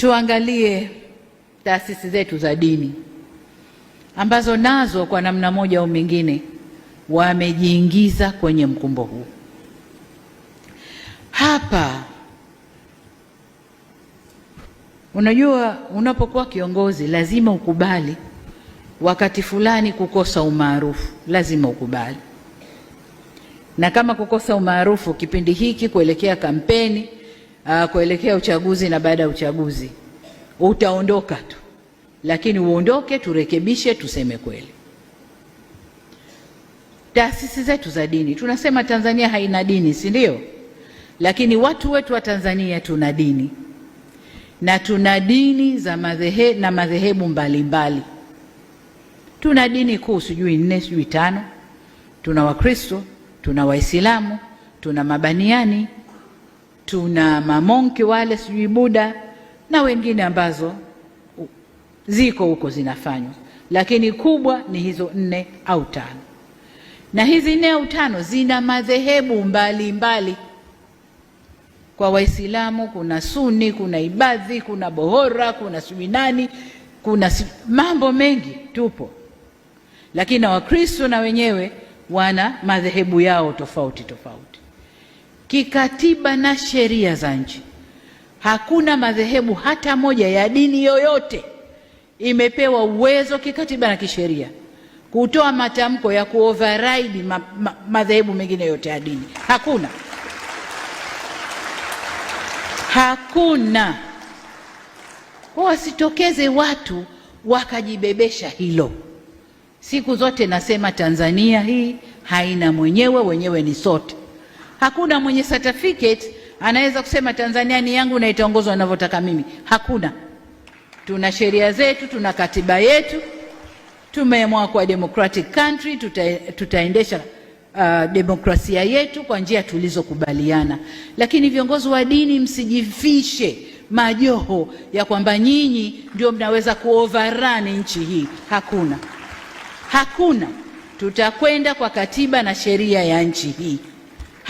Tuangalie taasisi zetu za dini ambazo nazo kwa namna moja au mingine wamejiingiza kwenye mkumbo huu. Hapa unajua, unapokuwa kiongozi lazima ukubali wakati fulani kukosa umaarufu, lazima ukubali. Na kama kukosa umaarufu kipindi hiki kuelekea kampeni uh, kuelekea uchaguzi na baada ya uchaguzi utaondoka tu, lakini uondoke, turekebishe, tuseme kweli. Taasisi zetu za dini, tunasema Tanzania haina dini, si ndio? Lakini watu wetu wa Tanzania tuna dini na tuna dini za madhehe, na madhehebu mbalimbali. Tuna dini kuu sijui nne sijui tano. Tuna Wakristo, tuna Waislamu, tuna Mabaniani tuna mamonki wale sijui Buda na wengine ambazo ziko huko zinafanywa, lakini kubwa ni hizo nne au tano, na hizi nne au tano zina madhehebu mbalimbali. Kwa Waislamu kuna Suni, kuna Ibadhi, kuna Bohora, kuna suminani kuna mambo mengi tupo, lakini na Wakristo na wenyewe wana madhehebu yao tofauti tofauti kikatiba na sheria za nchi. Hakuna madhehebu hata moja ya dini yoyote imepewa uwezo kikatiba na kisheria kutoa matamko ya kuoverride ma, ma, madhehebu mengine yote ya dini. Hakuna, hakuna. Kwa wasitokeze watu wakajibebesha hilo. Siku zote nasema Tanzania hii haina mwenyewe, wenyewe ni sote. Hakuna mwenye certificate anaweza kusema Tanzania ni yangu na itaongozwa ninavyotaka mimi. Hakuna. Tuna sheria zetu, tuna katiba yetu, tumeamua kuwa democratic country, tuta, tutaendesha uh, demokrasia yetu kwa njia tulizokubaliana. Lakini viongozi wa dini, msijifishe majoho ya kwamba nyinyi ndio mnaweza kuoverrun nchi hii. Hakuna, hakuna. Tutakwenda kwa katiba na sheria ya nchi hii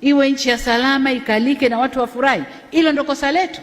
iwe nchi ya salama, ikalike na watu wafurahi. Hilo ndo kosa letu.